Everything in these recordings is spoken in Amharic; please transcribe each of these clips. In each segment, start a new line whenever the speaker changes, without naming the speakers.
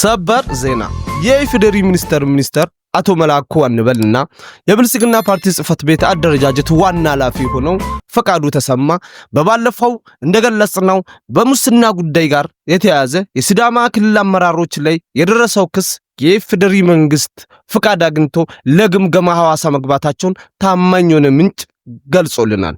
ሰበር ዜና የኢፌዴሪ ሚኒስተር ሚኒስተር አቶ መላኩ አንበልና የብልጽግና ፓርቲ ጽህፈት ቤት አደረጃጀት ዋና ኃላፊ ሆነው ፈቃዱ ተሰማ በባለፈው እንደገለጽነው በሙስና ጉዳይ ጋር የተያያዘ የሲዳማ ክልል አመራሮች ላይ የደረሰው ክስ የኢፌዴሪ መንግስት ፍቃድ አግኝቶ ለግምገማ ሐዋሳ መግባታቸውን ታማኝ የሆነ ምንጭ ገልጾልናል።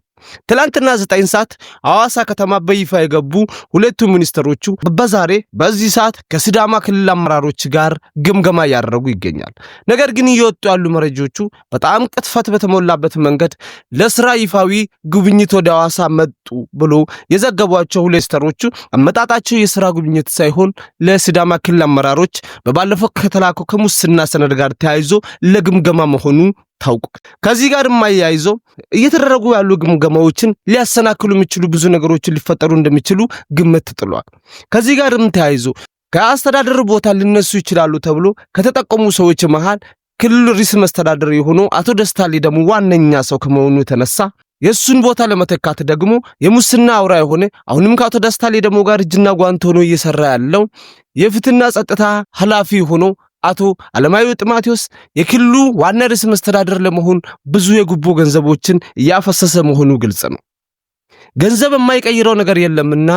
ትላንትና ዘጠኝ ሰዓት አዋሳ ከተማ በይፋ የገቡ ሁለቱ ሚኒስትሮቹ በዛሬ በዚህ ሰዓት ከሲዳማ ክልል አመራሮች ጋር ግምገማ እያደረጉ ይገኛል። ነገር ግን እየወጡ ያሉ መረጃዎቹ በጣም ቅጥፈት በተሞላበት መንገድ ለስራ ይፋዊ ጉብኝት ወደ አዋሳ መጡ ብሎ የዘገቧቸው ሁለት ሚኒስትሮቹ አመጣጣቸው የስራ ጉብኝት ሳይሆን ለስዳማ ክልል አመራሮች በባለፈው ከተላከው ከሙስና ሰነድ ጋር ተያይዞ ለግምገማ መሆኑ ታውቁ። ከዚህ ጋር የማያይዘው እየተደረጉ ያሉ ግምገማዎችን ሊያሰናክሉ የሚችሉ ብዙ ነገሮችን ሊፈጠሩ እንደሚችሉ ግምት ጥሏል። ከዚህ ጋርም ተያይዞ ከአስተዳደር ቦታ ሊነሱ ይችላሉ ተብሎ ከተጠቆሙ ሰዎች መሃል ክልሉ ርዕሰ መስተዳደር የሆኑ አቶ ደስታ ሌዳሞ ዋነኛ ሰው ከመሆኑ የተነሳ የእሱን ቦታ ለመተካት ደግሞ የሙስና አውራ የሆነ አሁንም ከአቶ ደስታ ሌዳሞ ጋር እጅና ጓንት ሆኖ እየሰራ ያለው የፍትህና ጸጥታ ኃላፊ ሆኖ አቶ አለማየሁ ጢሞቴዎስ የክልሉ ዋና ርዕሰ መስተዳደር ለመሆን ብዙ የጉቦ ገንዘቦችን እያፈሰሰ መሆኑ ግልጽ ነው። ገንዘብ የማይቀይረው ነገር የለምና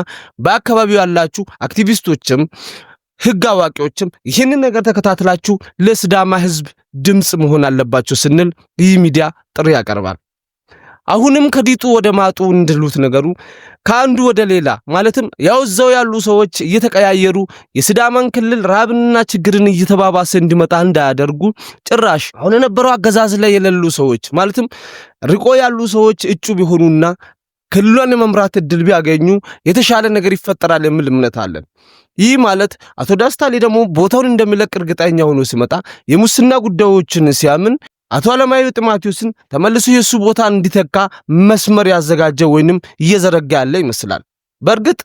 በአካባቢው ያላችሁ አክቲቪስቶችም ህግ አዋቂዎችም ይህንን ነገር ተከታትላችሁ ለስዳማ ህዝብ ድምፅ መሆን አለባችሁ ስንል ይህ ሚዲያ ጥሪ ያቀርባል። አሁንም ከዲጡ ወደ ማጡ እንድሉት ነገሩ ከአንዱ ወደ ሌላ ማለትም ያው እዛው ያሉ ሰዎች እየተቀያየሩ የስዳማን ክልል ራብንና ችግርን እየተባባሰ እንዲመጣ እንዳያደርጉ ጭራሽ አሁን የነበረው አገዛዝ ላይ የሌሉ ሰዎች ማለትም ርቆ ያሉ ሰዎች እጩ ቢሆኑና ክልሏን የመምራት እድል ቢያገኙ የተሻለ ነገር ይፈጠራል የሚል እምነት አለን። ይህ ማለት አቶ ዳስታሌ ደግሞ ቦታውን እንደሚለቅ እርግጠኛ ሆኖ ሲመጣ የሙስና ጉዳዮችን ሲያምን አቶ አለማየሁ ጢሞቴዎስን ተመልሶ የእሱ ቦታ እንዲተካ መስመር ያዘጋጀ ወይንም እየዘረጋ ያለ ይመስላል። በእርግጥ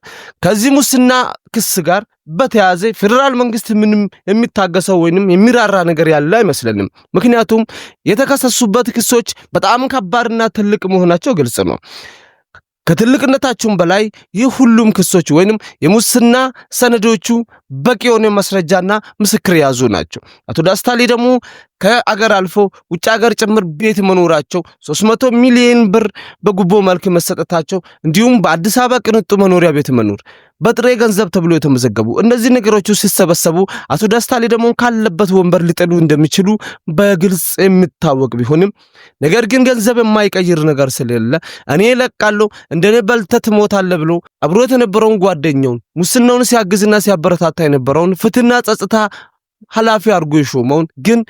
ከዚህ ሙስና ክስ ጋር በተያያዘ ፌዴራል መንግስት ምንም የሚታገሰው ወይንም የሚራራ ነገር ያለ አይመስለንም። ምክንያቱም የተከሰሱበት ክሶች በጣም ከባድና ትልቅ መሆናቸው ግልጽ ነው። ከትልቅነታችሁም በላይ ይህ ሁሉም ክሶች ወይንም የሙስና ሰነዶቹ በቂ የሆነ ማስረጃና ምስክር የያዙ ናቸው። አቶ ዳስታሊ ደግሞ ከአገር አልፎ ውጭ አገር ጭምር ቤት መኖራቸው፣ 300 ሚሊዮን ብር በጉቦ መልክ መሰጠታቸው፣ እንዲሁም በአዲስ አበባ ቅንጡ መኖሪያ ቤት መኖር በጥሬ ገንዘብ ተብሎ የተመዘገቡ እነዚህ ነገሮች ሲሰበሰቡ አቶ ደስታ ሌዳሞን ካለበት ወንበር ሊጠሉ እንደሚችሉ በግልጽ የሚታወቅ ቢሆንም ነገር ግን ገንዘብ የማይቀይር ነገር ስለሌለ እኔ ለቃለ እንደኔ በልተህ ትሞታለህ ብሎ አብሮ የነበረውን ጓደኛውን ሙስናውን ሲያግዝና ሲያበረታታ የነበረውን ፍትህና ጸጥታ ኃላፊ አድርጎ የሾመውን ግን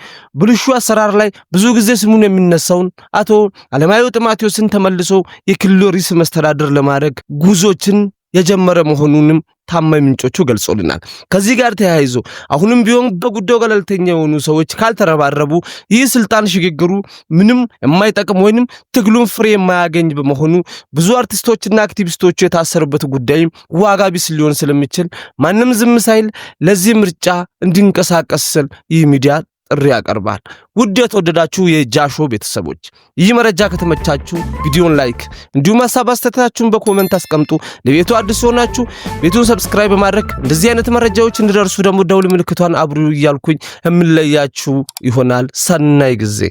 ብልሹ አሰራር ላይ ብዙ ጊዜ ስሙን የሚነሳውን አቶ አለማየሁ ጢሞቴዎስን ተመልሶ የክልሉ ርዕሰ መስተዳድር ለማድረግ ጉዞችን የጀመረ መሆኑንም ታማኝ ምንጮቹ ገልጾልናል። ከዚህ ጋር ተያይዞ አሁንም ቢሆን በጉዳዩ ገለልተኛ የሆኑ ሰዎች ካልተረባረቡ ይህ ስልጣን ሽግግሩ ምንም የማይጠቅም ወይንም ትግሉን ፍሬ የማያገኝ በመሆኑ ብዙ አርቲስቶችና አክቲቪስቶቹ የታሰሩበት ጉዳይም ዋጋ ቢስ ሊሆን ስለሚችል ማንም ዝም ሳይል ለዚህ ምርጫ እንዲንቀሳቀስ ስል ይህ ሚዲያ ጥሪ ያቀርባል። ውድ የተወደዳችሁ የጃሾ ቤተሰቦች ይህ መረጃ ከተመቻችሁ ቪዲዮን ላይክ እንዲሁም ሀሳብ አስተያየታችሁን በኮመንት አስቀምጡ። ለቤቱ አዲስ ሆናችሁ ቤቱን ሰብስክራይብ በማድረግ እንደዚህ አይነት መረጃዎች እንዲደርሱ ደግሞ ደውል ምልክቷን አብሩ እያልኩኝ የምለያችሁ ይሆናል። ሰናይ ጊዜ